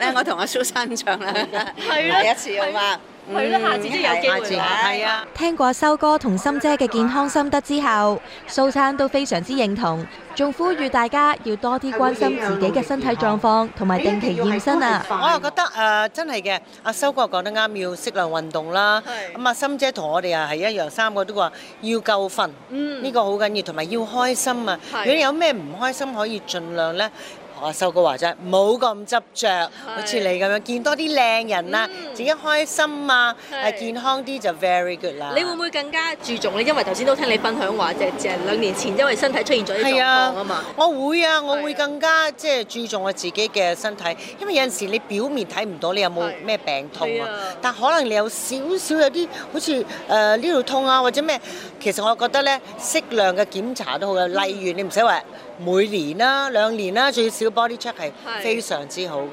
咧，我同阿蘇生唱啦，第一次好嘛。去啦，下次即係有機會。係啊，聽過修哥同心姐嘅健康心得之後，蘇生都非常之認同，仲呼籲大家要多啲關心自己嘅身體狀況，同埋定期驗身啊！我又覺得誒，真係嘅，阿修哥講得啱，要適量運動啦。咁阿心姐同我哋又係一樣，三個都話要夠瞓。嗯，呢個好緊要，同埋要開心啊！如果你有咩唔開心，可以儘量咧。我、啊、收哥話齋，冇咁執着。好似是你咁樣見多啲靚人啊，嗯、自己開心啊，係是健康啲就 very good 啦。你會唔會更加注重咧？因為頭先都聽你分享話，即係即係兩年前因為身體出現咗呢狀況啊嘛，我會啊，我會更加、啊、即係注重我自己嘅身體，因為有陣時你表面睇唔到你有冇咩病痛啊，但可能你有少少有啲好似誒呢度痛啊，或者咩？其實我覺得呢，適量嘅檢查都好有例如你唔使話。每年啦，兩年啦，最少 body check 係非常之好嘅。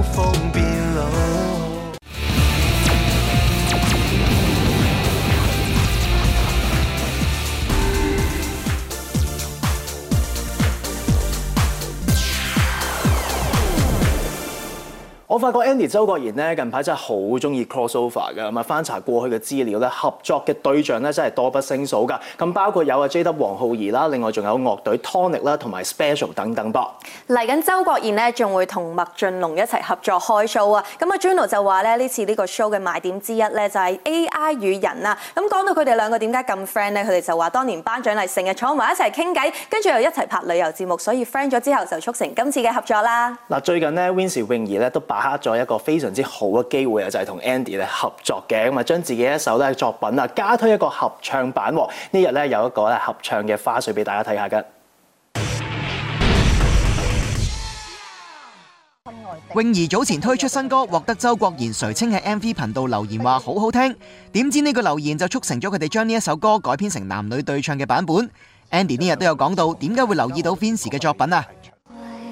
我發覺 Andy 周國賢咧近排真係好中意 crossover 㗎，咁啊翻查過去嘅資料咧，合作嘅對象咧真係多不勝數噶。咁包括有啊 JW 王灝兒啦，另外仲有樂隊 Tonic 啦，同埋 Special 等等噃。嚟緊周國賢咧仲會同麥浚龍一齊合作開 show 啊！咁啊 Juno 就話咧呢次呢個 show 嘅賣點之一咧就係、是、AI 與人啊！咁講到佢哋兩個點解咁 friend 咧，佢哋就話當年頒獎禮成日坐埋一齊傾偈，跟住又一齊拍旅遊節目，所以 friend 咗之後就促成今次嘅合作啦。嗱，最近呢 Vincy 泳兒咧都把黑咗一個非常之好嘅機會啊，就係、是、同 Andy 咧合作嘅，咁啊將自己一首咧作品啊加推一個合唱版。呢日咧有一個咧合唱嘅花絮俾大家睇下嘅。泳兒早前推出新歌，獲得周國賢垂青喺 MV 頻道留言話好好聽，點知呢句留言就促成咗佢哋將呢一首歌改編成男女對唱嘅版本。Andy 呢日都有講到點解會留意到 Vincy 嘅作品啊。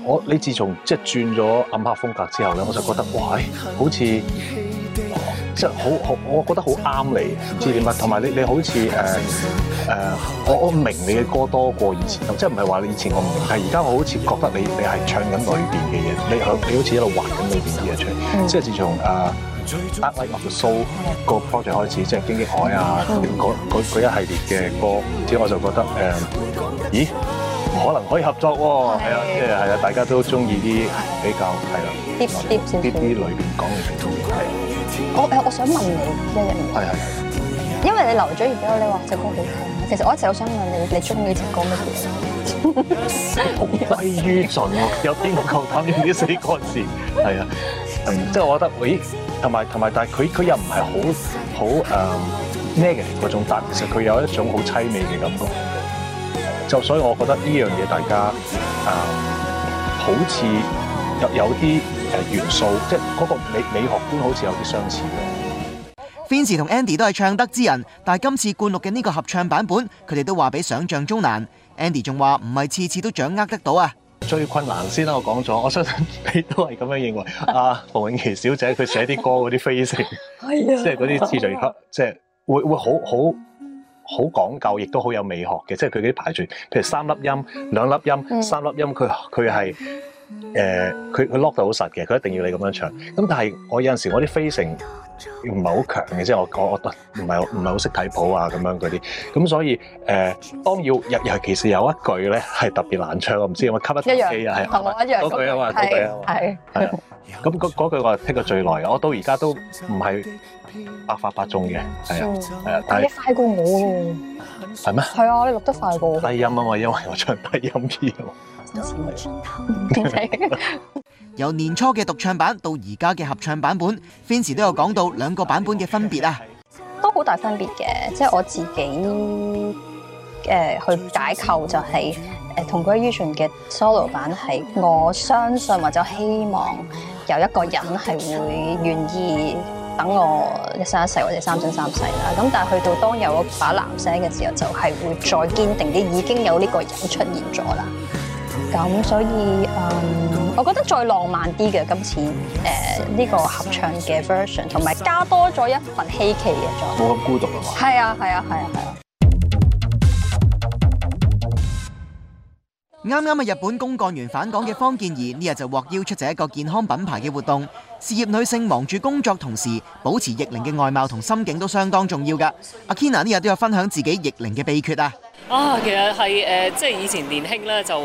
我你自從即係轉咗暗黑風格之後咧，我就覺得哇，好似即係好好，我覺得好啱你，唔知點解。同埋你你好似誒誒，我我明你嘅歌多過以前，即係唔係話你以前我唔明，但係而家我好似覺得你你係唱緊裏邊嘅嘢，你佢你，你好似一路滑緊裏邊嘅嘢出嚟。嗯、即係自從阿《uh, Light of the Soul》個 project 開始，即係《荊棘海》啊，嗰、嗯、一系列嘅歌，之後我就覺得誒，uh, 咦？可能可以合作喎、哦是，係啊，即係係啊，大家都中意啲比較係啦。啲啲裏邊講嘅嘢，我我想問你一日格格格格、啊、因為你留咗言俾我，你話隻歌幾好聽。其實我一直好想問你，你中意隻歌乜嘢？同歸於盡，有邊個夠膽用呢四個字？係啊，即、嗯、係、就是、我覺得喇喇，咦，同埋同埋，但係佢佢又唔係好好誒咩嘅嗰種達，uh, 其實佢有一種好凄美嘅感覺。就所以，我覺得呢樣嘢大家啊，好似有有啲誒元素，即係嗰個美美學觀好似有啲相似嘅。Fancy 同 Andy 都係唱得之人，但係今次灌錄嘅呢個合唱版本，佢哋都話比想象中難。Andy 仲話唔係次次都掌握得到啊。最困難先啦，我講咗，我相信你都係咁樣認為啊。馮永琪小姐佢寫啲歌嗰啲飛 a c e 即係嗰啲次序，即係會會,會好好。好好講究，亦都好有美學嘅，即係佢嗰啲排串，譬如三粒音、兩粒音、三粒音，佢佢係誒，佢佢 lock 得好實嘅，佢一定要你咁樣唱。咁但係我有陣時我啲 phrasing 唔係好強嘅，即係我我，我得，唔係唔係好識睇譜啊，咁樣嗰啲，咁所以誒、呃，當要入尤其是有一句咧係特別難唱，我唔知有冇吸一啖氣啊，係嗰樣句啊嘛，句啊嘛，係係啦，咁嗰句，句我係聽過最耐嘅，我到而家都唔係百發百中嘅，係啊係啊，但係、嗯、你快過我咯，係咩嗎？係啊，你錄得快過。低音啊，我因為我唱低音 由年初嘅獨唱版到而家嘅合唱版本 fans 都有講到兩個版本嘅分別啊，都好大分別嘅。即、就、係、是、我自己，誒、呃，去解構就係、是，誒、呃，同佢 Eason 嘅 solo 版係，我相信或者希望有一個人係會願意等我一生一世或者三生三世啦。咁但係去到當有一把男聲嘅時候，就係會再堅定啲，已經有呢個人出現咗啦。咁所以，嗯、呃，我覺得再浪漫啲嘅今次，誒、呃、呢、這個合唱嘅 version，同埋加多咗一份希冀嘅，冇咁孤獨啊嘛。係啊，係啊，係啊，係啊。啱啱啊，日本公幹完返港嘅方健儀呢日就獲邀出席一個健康品牌嘅活動，事業女性忙住工作同時保持逆齡嘅外貌同心境都相當重要㗎。阿 Kina 呢日都有分享自己逆齡嘅秘訣啊。啊，其實係誒、呃，即係以前年輕咧就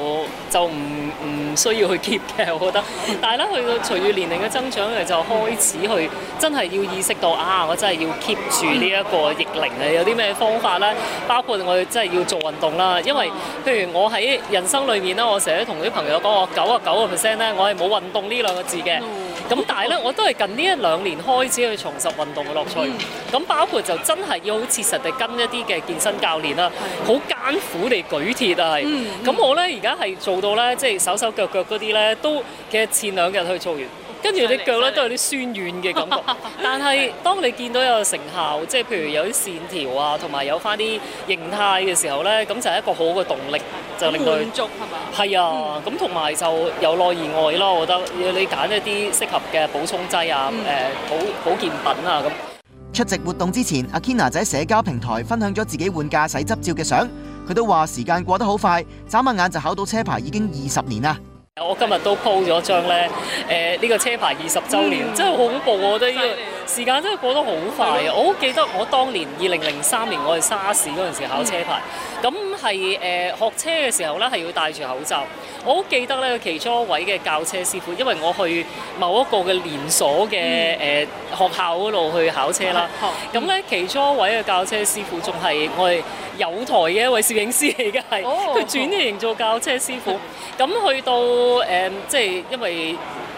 就唔唔需要去 keep 嘅，我覺得。但係咧，去到隨住年齡嘅增長，誒就開始去真係要意識到啊，我真係要 keep 住呢一個逆齡啊！有啲咩方法咧？包括我哋真係要做運動啦。因為譬如我喺人生裏面啦，我成日同啲朋友講，我九啊九個 percent 咧，我係冇運動呢兩個字嘅。咁但係咧，我都係近呢一兩年開始去重拾運動嘅樂趣。咁包括就真係要好切實地跟一啲嘅健身教練啦，好。辛苦地舉鐵啊，係咁、嗯嗯、我咧而家係做到咧，即、就、係、是、手手腳腳嗰啲咧都其實前兩日去做完，跟住啲腳咧害都有啲酸軟嘅感覺。 但係是、嗯、當你見到有成效，即係譬如有啲線條啊，同埋有翻啲形態嘅時候咧，咁就係一個好嘅動力，就令到你滿足係嘛？係啊，咁同埋就由內而外啦，我覺得你揀一啲適合嘅補充劑啊，誒、嗯、保保健品啊咁。出席活動之前，阿 Kenya 仔社交平台分享咗自己換駕駛執照嘅相，佢都話時間過得好快，眨下眼就考到車牌已經二十年啦。我今日都鋪咗張咧，誒、呃、呢、這個車牌二十周年，嗯、真係好恐怖，我覺得呢個時間真係過得好快啊！我好記得我當年二零零三年我喺沙士嗰陣時考車牌，咁係誒學車嘅時候咧，係要戴住口罩。我好記得咧，其中一位嘅教車師傅，因為我去某一個嘅連鎖嘅誒學校嗰度去考車啦。咁咧、嗯嗯嗯、其中一位嘅教車師傅仲係我哋有台嘅一位攝影師嚟嘅，係佢轉型做教車師傅。咁、嗯、去到。都誒、嗯，即係因為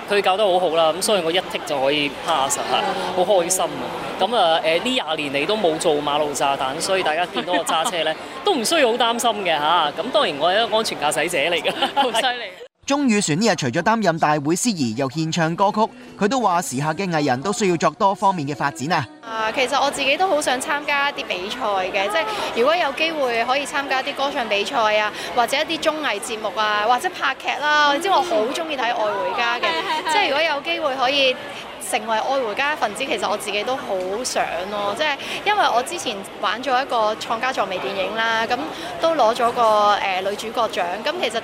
佢教得好好啦，咁所以我一剔就可以 pass 嚇，好、嗯、開心啊！咁啊誒，呢、嗯、廿年嚟都冇做馬路炸彈，所以大家見到我揸車咧， 都唔需要好擔心嘅嚇。咁、啊、當然我係一個安全駕駛者嚟嘅，好犀利。鍾宇璇呢日除咗擔任大會司儀，又獻唱歌曲，佢都話時下嘅藝人都需要作多方面嘅發展啊！啊，其實我自己都好想參加一啲比賽嘅，啊、即係如果有機會可以參加一啲歌唱比賽啊，或者一啲綜藝節目啊，或者拍劇啦，即係、嗯、我好中意睇《愛回家》嘅、嗯，嗯、即係、嗯、如果有機會可以。成為愛回家份子，其實我自己都好想咯，即係因為我之前玩咗一個創家作微電影啦，咁都攞咗個誒、呃、女主角獎。咁其實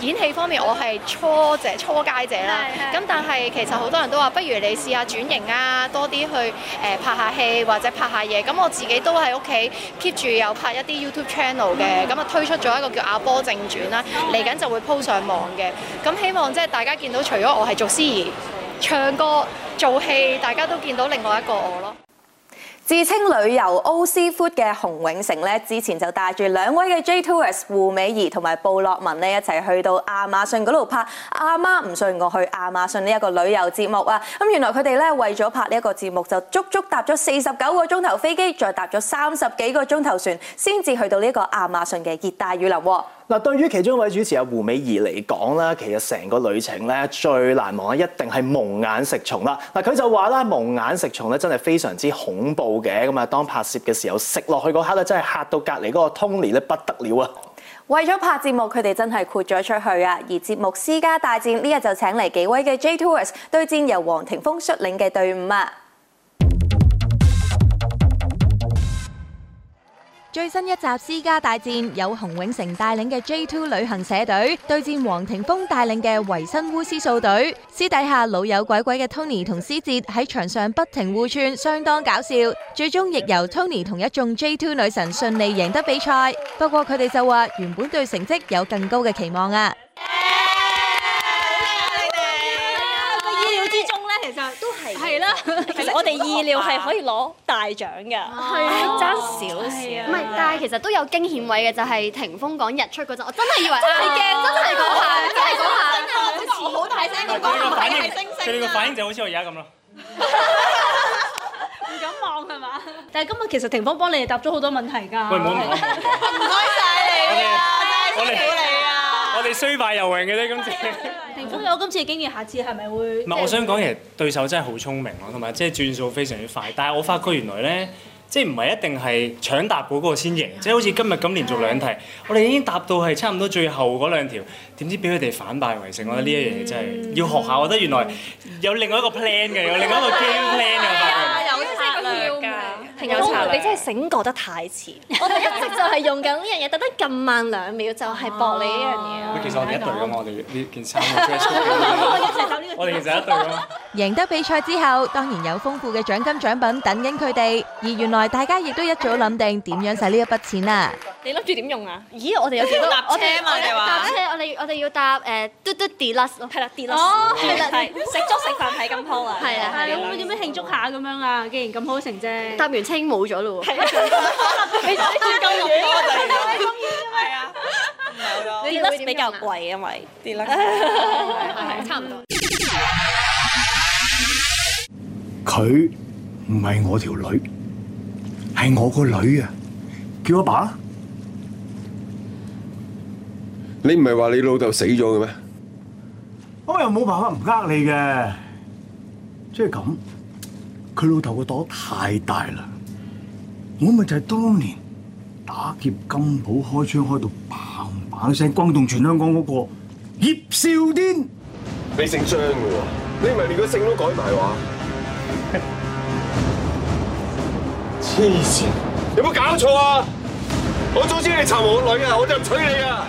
演戲方面我，我係初者初階者啦。咁但係其實好多人都話，不如你試下轉型啊，多啲去誒、呃、拍下戲或者拍下嘢。咁我自己都喺屋企 keep 住有拍一啲 YouTube channel 嘅，咁啊推出咗一個叫阿波正傳啦，嚟緊就會鋪上網嘅。咁希望即係大家見到除，除咗我係做司儀，唱歌做戲，大家都見到另外一個我咯。自稱旅遊 Oscar 嘅洪永城咧，之前就帶住兩位嘅 J2S 胡美怡同埋布洛文咧一齊去到亞馬遜嗰度拍《阿媽唔信我去》去亞馬遜呢一個旅遊節目啊！咁、嗯、原來佢哋咧為咗拍呢一個節目，就足足搭咗四十九個鐘頭飛機，再搭咗三十幾個鐘頭船，先至去到呢個亞馬遜嘅熱帶雨林喎、啊。嗱，對於其中一位主持阿胡美儀嚟講咧，其實成個旅程咧最難忘啊，一定係蒙眼食蟲啦。嗱，佢就話咧，蒙眼食蟲咧真係非常之恐怖嘅，咁啊，當拍攝嘅時候食落去嗰刻咧，真係嚇到隔離嗰個 Tony 咧不得了啊！為咗拍節目，佢哋真係豁咗出去啊！而節目私家大戰呢日就請嚟幾位嘅 J2 對戰由黃庭峰率領嘅隊伍啊！最新一集私家大戰，有洪永城帶領嘅 J2 旅行社隊對戰黃庭鋒帶領嘅維新巫師數隊。私底下老友鬼鬼嘅 Tony 同思捷喺場上不停互串，相當搞笑。最終亦由 Tony 同一眾 J2 女神順利贏得比賽。不過佢哋就話原本對成績有更高嘅期望啊。都係，係啦，其實我哋意料係可以攞大獎嘅，爭少少啊，唔係，但係其實都有驚險位嘅，就係霆鋒講日出嗰陣，我真係以為。係嘅，真係嗰下，真係嗰下。真係我好，我好大聲講。你個反應就好似我而家咁咯。唔敢望係嘛？但係今日其實霆鋒幫你哋答咗好多問題㗎。喂，唔該曬你啊！多謝你啊！ 我哋衰敗游泳嘅啫，有咗今次經驗，下次係咪會？唔係，我想講其實對手真係好聰明咯，同埋即係轉數非常之快。但係我發覺原來咧，即係唔係一定係搶答嗰個先贏，即係好似今日咁連續兩題， 我哋已經答到係差唔多最後嗰兩條，點知俾佢哋反敗為勝，我覺得呢一樣嘢真係要學下。我覺得原來有另外一個 plan 嘅，有另外一個 game plan 嘅。笑嘅，朋友，你真係醒覺得太遲。我哋一直就係用緊呢樣嘢，特登咁慢兩秒就係博你呢樣嘢。其實我哋一對咯，我哋呢件衫。我哋其實一對咯。贏得比賽之後，當然有豐富嘅獎金獎品等緊佢哋。而原來大家亦都一早諗定點樣使呢一筆錢啦。你諗住點用啊？咦，我哋有時都搭車嘛？你話搭車，我哋我哋要搭誒嘟嘟地律咯。係啦，地律哦，係啦，係。食粥食飯睇金鋪啊！係啦，咁點樣慶祝下咁樣啊？既然咁好。成啫，答完清冇咗咯喎！你講粵語啊？你講粵語係咪啊？冇咯，Dollar 比較貴，因為 Dollar 係差唔多。佢唔係我條女，係我個女啊！叫阿爸，你唔係話你老豆死咗嘅咩？我又冇辦法唔呃你嘅，即係咁。佢老豆個朵太大啦！我咪就係當年打劫金寶，開槍開到砰砰聲，轟動全香港嗰、那個葉少鈴。你姓張嘅喎，你咪連個姓都改埋話。黐線、欸！有冇搞錯啊？我早知你尋我女啊，我就娶你啊！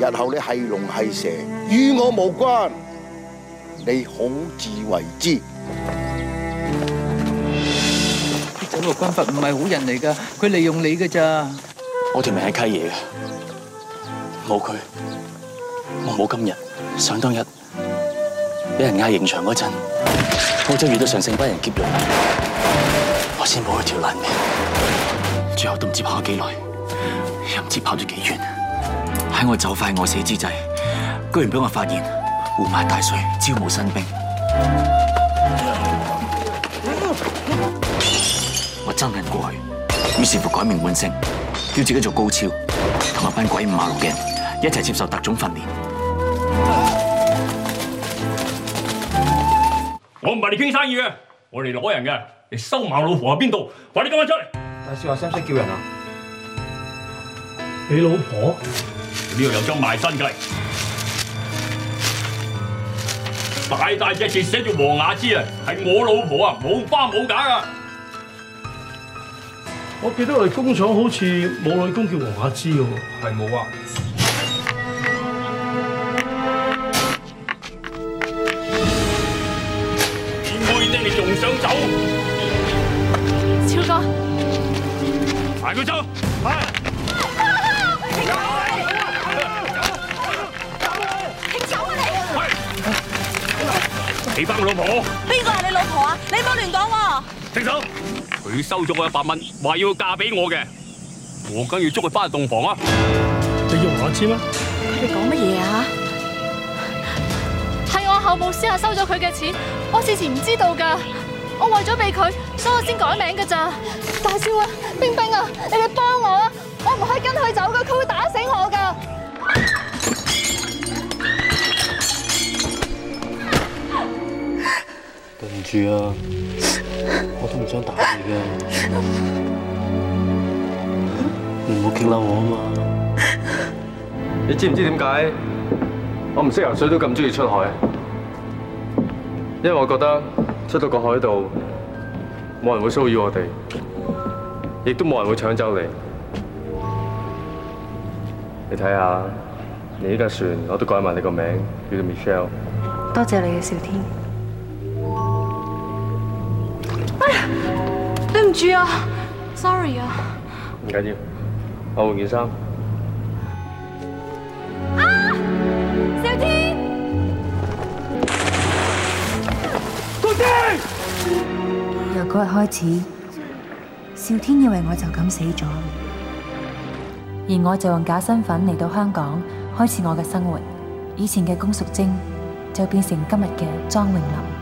日後你係龍係蛇，與我無關。你好自為之。呢個軍閥唔係好人嚟噶，佢利用你噶咋？我條命係契爺嘅，冇佢我冇今日。想當日俾人押刑場嗰陣，我就遇到上城班人劫獄，我先保住條爛命。最後都唔知跑咗幾耐，又唔知跑咗幾遠。喺我走快餓死之際，居然俾我發現。僱埋大水，招募新兵，啊啊啊啊啊、我真係過去。於是乎改名換姓，叫自己做高超，同一班鬼五馬六嘅人一齊接受特種訓練。我唔係嚟傾生意嘅，我嚟攞人嘅，你收埋我老婆喺邊度？快啲今晚出嚟！大師話識唔識叫人啊？你老婆？呢度有張賣身契？大大隻字寫住黃雅芝啊，係我老婆啊，冇花冇假啊！我記得我哋工廠好似冇女工叫黃雅芝喎，係冇啊！小妹仔，你仲想走？超哥，快佢走！係。你翻老婆？邊個係你老婆啊？你唔好亂講喎！停手！佢收咗我一百蚊，話要嫁俾我嘅，我梗要捉佢翻去洞房啊！你以為我知咩？佢哋講乜嘢啊？係我後母私下收咗佢嘅錢，我之前唔知道噶。我為咗俾佢，所以我先改名噶咋？大少啊，冰冰啊，你哋幫我啊！我唔可以跟佢走噶，佢會打死我噶！住啊！我都唔想打你嘅，你唔好激嬲我啊嘛！你知唔知點解我唔識游水都咁中意出海？因為我覺得出到個海度，冇人會騷擾我哋，亦都冇人會搶走你。你睇下，你依架船我都改埋你個名，叫做 Michelle。多謝你嘅少天。住啊！sorry 啊，唔緊要，我換件衫。啊！少天，救命低！由嗰日開始，少天以為我就咁死咗，而我就用假身份嚟到香港，開始我嘅生活。以前嘅龔淑貞就變成今日嘅莊永琳。